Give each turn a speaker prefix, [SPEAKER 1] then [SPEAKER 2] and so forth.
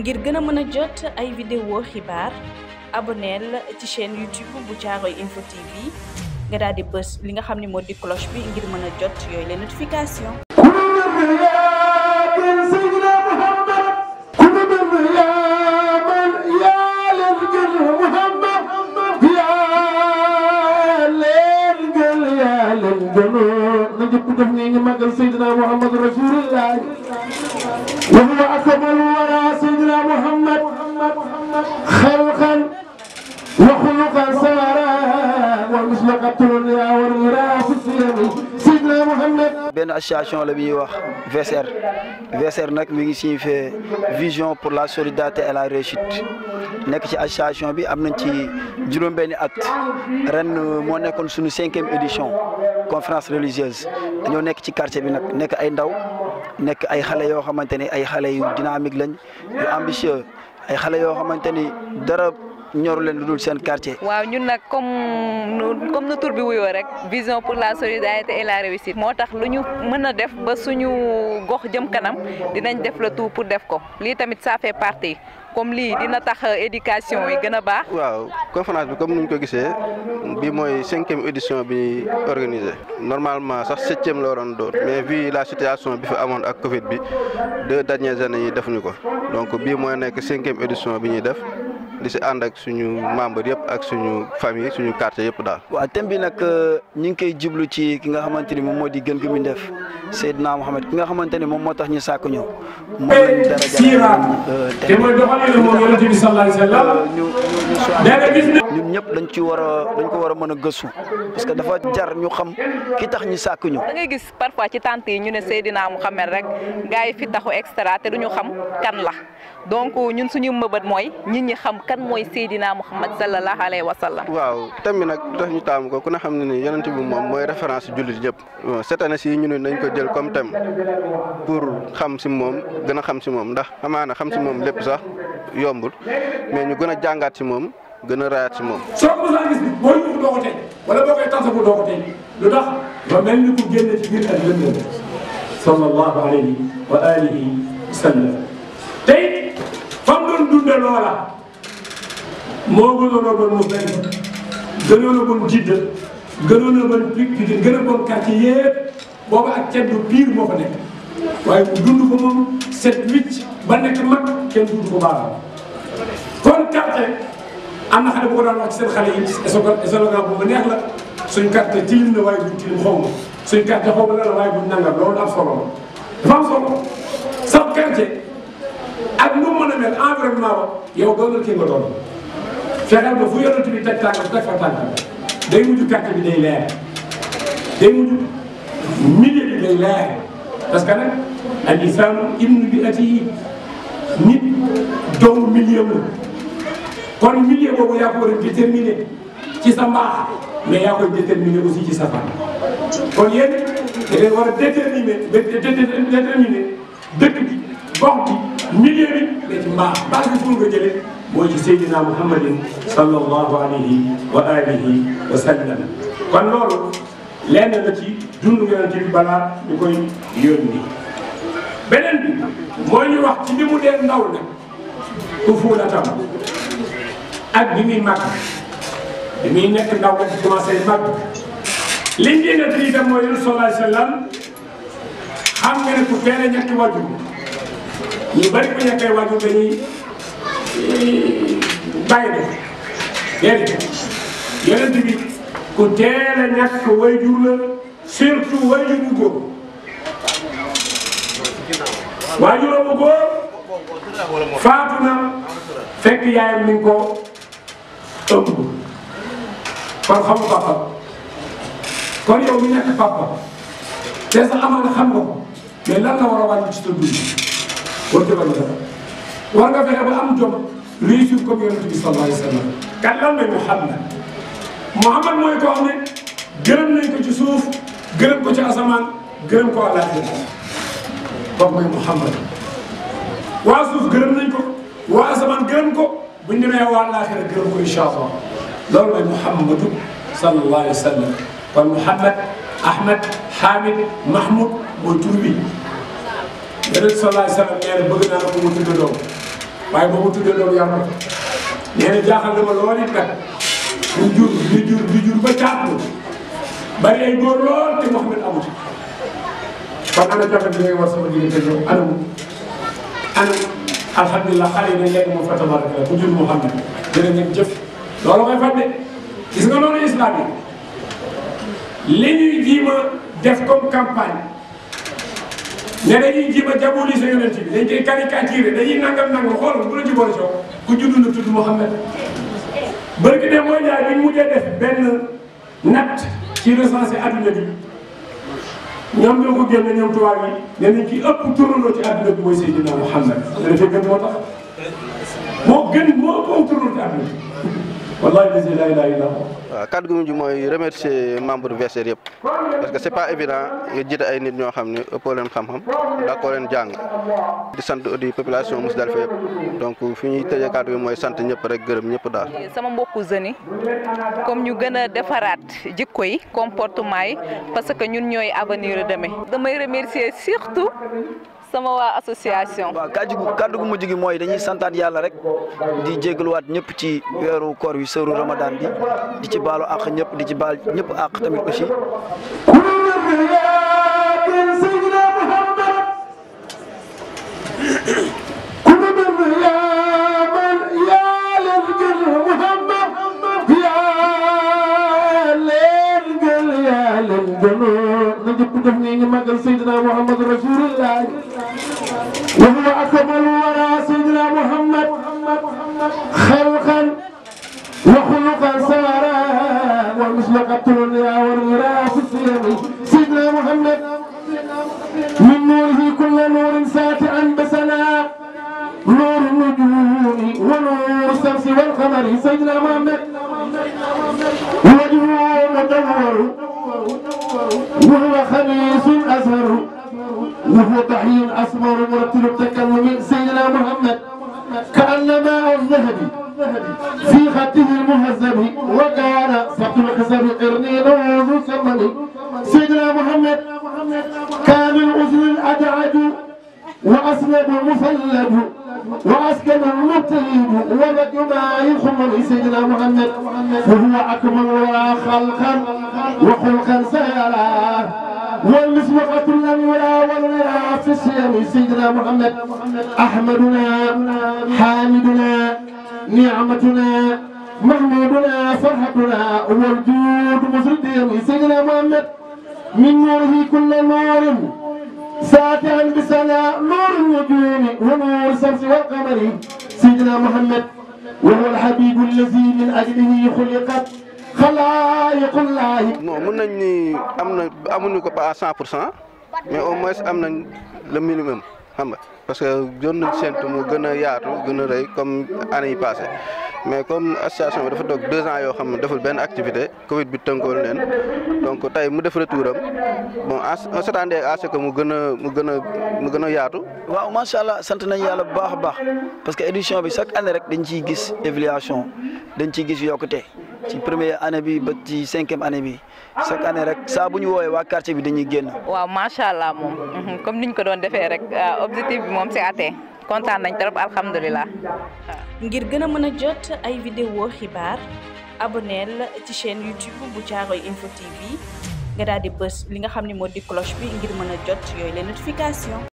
[SPEAKER 1] ngir vous mëna mën ay vidéo chaîne YouTube bu Caaroy info TV nga daal di li nga cloche les notification
[SPEAKER 2] وخلق سارا
[SPEAKER 3] ومثلك الدنيا والغرا في السلام سيدنا محمد benn association la bi ñuy wax VSR VSR nag mi ngi signifie vision pour la solidarité et la réussite nekk ci association bi am nañ ci juróom-benni at ren moo nekkoon suñu cinquième édition conférence religieuse dañoo nekk ci quartier bi nag nekk ay ndaw nekk ay xale yoo xamante ne ay xale yu lañ yu ay xale yoo xamante ni dara. ñoru leen lu dul seen quartier.
[SPEAKER 1] waaw ñun nag comme comme na tur bi wuyoo rek vision pour la solidarité et la réussite. moo tax lu ñu mën a def ba suñu gox jëm kanam dinañ def le tout pour def ko lii tamit ça fait partie comme lii dina tax éducation yi gën a baax. waaw conférence bi comme nu ñu ko gisee bii mooy cinquième édition bi organisé normalement sax septième la waroon doon mais vu la situation bi fa amoon ak Covid bi deux dernières années yi defuñu ko don bii mooy nekk cinquième édition bi ñuy def. di ci and ak suñu membre yépp ak suñu famille suñu quartier yépp daal
[SPEAKER 3] waaw thème bi nag euh, ñi ngi koy jublu ci ki nga xamante ni moom moo di gën gëmi def Seydina Mohamed ki nga xamante ni moom moo tax ñu sàkk ñu moom lañ dara te mooy doxalin moom yonente bi sallallahu alayhi wasallam euh, ñun ñëpp dañ ci war a dañ ko war a mën a gëstu parce que dafa jar ñu xam ki tax ñu sàkk ñu da
[SPEAKER 1] ngay gis parfois ci tante yi ñu ne Seydina Mohamed rek gars yi fi taxu extra te duñu xam kan la donc ñun suñu mëbët mooy nit ñi xam kan mooy Seydina Muhammad sallallahu waaw thème bi nag tax ñu taamu ko ku ne xam ne ni yonent bi moom mooy référence jullit yëpp. cette année ci ñu ne nañ ko jël comme thème pour xam si moom gën a xam ci moom ndax amaana xam si moom lépp sax yombul mais ñu gën a jàngaat ci moom gën a raayaat ci moom. soo ko mos a
[SPEAKER 4] gis nii boo ñëwul ko tey wala boo koy tasa ko tey lu tax ba mel ni ku génne ci biir ak loola. moo gënoon a bon mu benn gënoon a bon jidda gënoon a bon pikin gën a bon quartier yëpp boobu ak ceddu pire moo fa nekk waaye mu dund ko moom set wicc ba nekk mag kenn dund ko baaraam kon quartier am na xale bu ko daan wax ci seen xale yi slogan bu ma neex la suñ quartier tilim na waaye buñ tilim xaw ma suñ quartier xaw ma la la waaye buñ nangam loolu am solo dafa am solo sax quartier ak nu mu mën a mel environnement ba yow doonal kii nga doon fexeel ba fu yonent bi teg tànkam teg fa tànkam day mujj kàtt bi day leer day mujj milieu bi day leer parce que nag al insaanu ibnu bi atihi nit doomu milieu la kon milieu boobu yaa ko war a déterminer ci sa mbaax mais yaa koy déterminer aussi ci sa fan kon yéen da ngay war a déterminer déterminer dëkk bi gox bi milieu ci mbaax mbaax bi fu nga jëlee موجي سيدنا محمد صلى الله عليه وآله وسلم كون لول لين لا تي جوند يونتي بلا ديكوي يوني بنين بي موي ني واخ تي ديمو دين داو نك طفولة تام اك بي مي ماك بي مي نك داو نك كوماسي ماك لين دي نتري تام موي رسول الله صلى الله عليه وسلم خام نك فيري نك واجو ني بري كو نكاي واجو بني bàyyi ko déedéet yonent bi ku teel a ñàkk wayjur la surtout wayjur bu góor waajuram bu góor na fekk yaayam ni ko ëmb kon xamu papa kon yow mi nekk papa te sa amaan xam nga ko war a wàññi ci sa dund warut a war nga fexe ba am jom réussir comme yonente bi sallallahu alayhi wa sallam kan lan mooy Muhammad Muhammad mooy koo xam ne gërëm nañ ko ci suuf gërëm ko ci asamaan gërëm ko àllaaxira kooku mooy Muhammad waa suuf gërëm nañ ko waa asamaan gërëm ko buñ demee waa àllaaxira gërëm ko incha allah loolu mooy Muhammadu sallallahu alayhi wa sallam kon Muhammad Ahmed Hamid Mahmoud mooy tur bi yonent sallallahu alayhi bëgg naa la ko mu tudde doom waaye ba mu tudde doom yàlla ko nee na jaaxal na ma lool it nag ñu jur di jur ba càpp bari ay góor lool te Mouhamed amut kon ana joxe bi ngay war sama diggante ñëw jur Mouhamed jërë ngeen jëf loolu koy faj gis nga loolu islam yi li def comme campagne ne dañuy jéem a jabuli sa yonent bi dañ koy caricaturé dañuy nangam nangam xool bu la ci boole soo ku judd na tudd Mouhamed bërki ne mooy jaay bi ñu mujjee def benn natt ci recensé adduna bi ñoom ñoo ko génne ñoom tubaab yi ne nañ ki ëpp turandoo ci adduna bi mooy Seydina Mouhamed dafay gën moo tax moo gën moo ëpp turandoo ci adduna
[SPEAKER 1] wallaay lasi lay lay la waaw kàddu gi mujj mooy remercier membre VCR yëpp parce que c'est pas évident nga jiite ay nit ñoo xam ne ëppoo leen xam-xam daa koo leen jàng di sant di population Mousdalifa yëpp donc fi ñuy tëjee kàddu gi mooy sant ñëpp rek gërëm ñëpp daal sama mbokku jeunes comme ñu gën a defaraat jikko yi comportement yi parce que ñun ñooy avenir demain damay remercier surtout sama waa association. waaw kàddu gu
[SPEAKER 3] kàddu gu mujj gi mooy dañuy santaat yàlla rek di waat ñëpp ci weeru koor wi sëru ramadan bi di ci baalu àq ñëpp di ci baal ñëpp àq tamit aussi.
[SPEAKER 2] وأكبر وراء سيدنا محمد خلقا وخلقا سارا ومثل قتل يا والمراس سيدنا محمد من نوره كل نور ساتعا بسنا نور النجوم ونور الشمس والقمر سيدنا محمد وجهه مدور وهو خميس ازهر وهو بعير أسمر مرتل التكلم سيدنا محمد كأنما الذهب في خده المهذب وكان سبت الحسب قرني نور ثمن سيدنا محمد كان الأذن الأدعج وأسلب المثلب وأسكن المطيب ولد ما يخمر سيدنا محمد وهو أكمل خلقا وخلقا سيرا والمسبقة لم يرى ولا السلام سيدنا محمد أحمدنا حامدنا نعمتنا محمودنا فرحتنا والجود مسجد سيدنا محمد من نوره كل نور ساتعا بسنا نور النجوم ونور الشمس والقمر سيدنا محمد وهو الحبيب الذي من أجله خلقت
[SPEAKER 1] خلائق الله. Non, mun nañ ni 100 mais au moins am nañ le minimum xam nga parce que jon nañ séntu mu gën a yaatu gën a rëy comme année yi passé mais comme association dafa toog deux ans yoo xam ne deful benn activité Covid bi tënkoon leen donc tey mu def retour am bon on s'attendait à ce que mu gën a mu gën a mu gën a yaatu. waaw macha allah sant nañ yàlla bu baax a baax
[SPEAKER 3] parce que édition bi chaque année rek dañ ciy gis évaluation dañ ciy gis yokkute. ci première année bi ba ci cinquième année bi chaque année rek saa bu ñu woowee waa quartier bi dañuy génn.
[SPEAKER 1] waaw macha allah moom mhm, comme niñ ko doon defee rek euh, objectif bi moom c'est atteint kontaan nañ trop alhamdulilah. ngir gën a mën a jot ay vidéo xibaar abonneel ci chaîne YouTube bu Caaroy info TV nga daal di bës li nga xam ne moo di cloche bi ngir mën a jot yooyu les notifications.